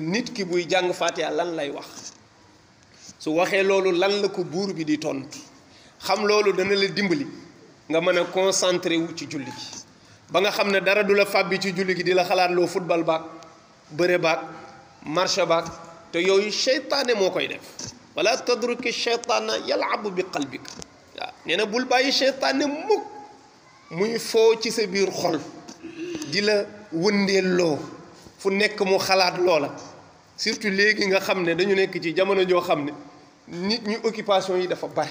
nit ki buy jàng Fatiha lan lay wax su waxee loolu lan la ko buur bi di tontu xam loolu dana la dimbali nga mën a concentré wu ci julli gi ba nga xam ne dara du la fàbbi ci julli gi di la xalaat loo football baag bëre baag marché baag te yooyu seytaane moo koy def wala tadruki seytaana yalabu bi qalbika waaw nee na bul bàyyi seytaane mukk muy foo ci sa biir xol di la loo fu nekk mu xalaat loola surtout léegi nga xam ne dañu nekk ci jamono joo xam ne nit ñi occupation yi dafa bari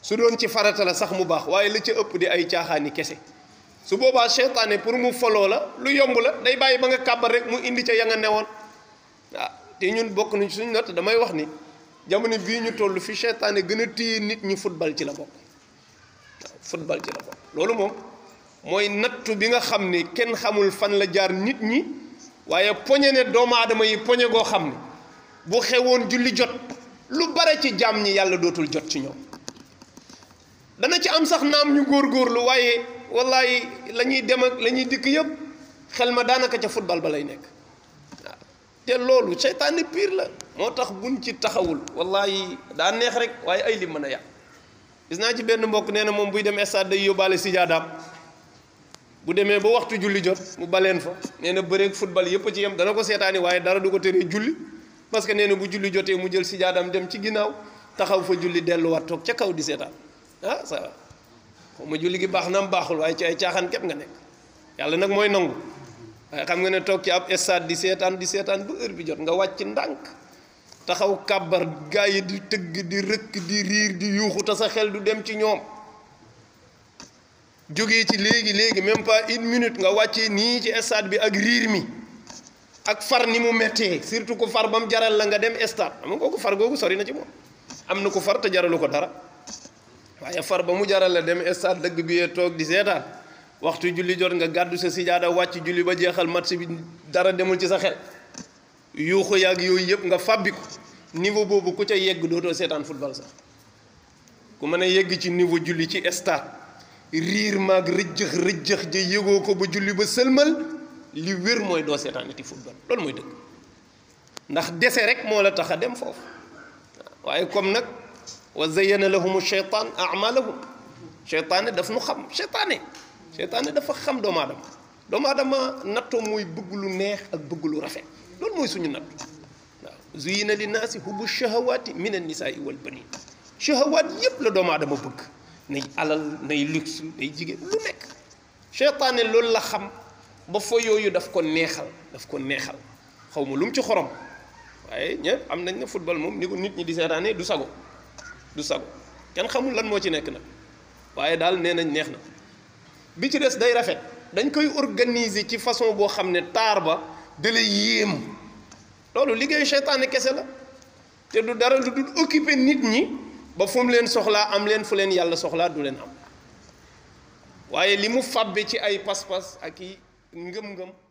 su doon ci farata la sax mu baax waaye la ca ëpp di ay caaxaani kese su boobaa seytaane pour mu foloo la lu yomb la day bàyyi ba nga kàbbar rek mu indi ca ya nga newoon waaw ah, te ñun bokk nañ suñu not damay wax ni jamono bii ñu toll fi seytaane gën a téye nit ñi football ci la bokk ci la bokk loolu moom mooy nattu bi nga xam ne kenn xamul fan la jaar nit ñi waaye poñe ne doomu aadama yi poñe goo xam ne bu xewoon julli jot lu bare ci jaam ñi yàlla dootul jot ci ñoom dana ci am sax naam ñu góorgóorlu waaye wallaay la ñuy dem ak la dikk yëpp xel ma daanaka ca football ba lay nekk waaw te loolu seytaane piir la moo tax buñ ci taxawul wallaay daa neex rek waaye ay li mën a yàq gis naa ci benn mbokk nee na moom buy dem stade day yóbbaale si jaadaam bu demee ba waxtu julli jot mu baleen fa nee na bëreeg football yëpp ci yam dana ko seetaani waaye dara du ko teree julli parce que nee bu julli jotee mu jël si jadam dem ci ginnaaw taxaw fa julli delluwaat toog ca kaw di seetaan ah ça xaw ma julli gi baax na am baaxul waaye ci ay caaxaan kep nga nekk yàlla nag mooy nangu waaye xam nga ne toog ci ab stade di seetaan di seetaan ba heure bi jot nga wàcc ndànk taxaw kàbbar gaay di tëgg di rëkk di riir di yuuxu te sa xel du dem ci ñoom jógee ci léegi léegi même pas une minute nga wàccee nii ci stade bi ak riir mi ak far ni mu méttee surtout ku far ba mu jaral la nga dem stade xam nga ko far googu sori na ci moom am na ku far te jaralu ko dara waaye far ba mu jaral la dem stade dëgg bi yee toog di seetaan waxtu julli jot nga gàddu sa sijaada wàcc julli ba jeexal match bi dara demul ci sa xel yuuxu yàgg yooyu yëpp nga fàbbi ko niveau boobu ku ca yegg dootoo seetaan football sax ku mën a yegg ci niveau julli ci stade. rir mag rëjjëx rëjjëx je yego ko ba julli ba sëlmal li wér mooy doo seetaanati football lol moy deug ndax dessé rek mo la taxa dem foofu waye comme nak wa zayyana lahum ash-shaytan a'maluhum shaytan daf nu xam cheytaane cheytaane dafa xam do madam do madam natto moy bëgg lu neex ak bëgg lu rafet lol moy suñu nat waaw zuyina li naasi hubu ash-shahawati min an nisaai wal banin shahawat yépp la do madam bëgg nay alal nay luxe nay jigéen lu nekk seytaane loolu la xam ba fa yooyu daf ko neexal daf ko neexal xaw ma lu mu ci xorom waaye ñëpp am nañ ne football moom ni ko nit ñi di seetaanee du sago du sago kenn xamul lan moo ci nekk nag waaye daal nee nañ neex na bi ci des day rafet dañ koy organiser ci façon boo xam ne taar ba da lay yéem loolu liggéeyu seytaane kese la te du dara lu dul occuper nit ñi ba fu leen soxlaa am leen fu leen yàlla soxlaa du leen am waaye li mu fàbbe ci ay pas-pas ak i ngëm-ngëm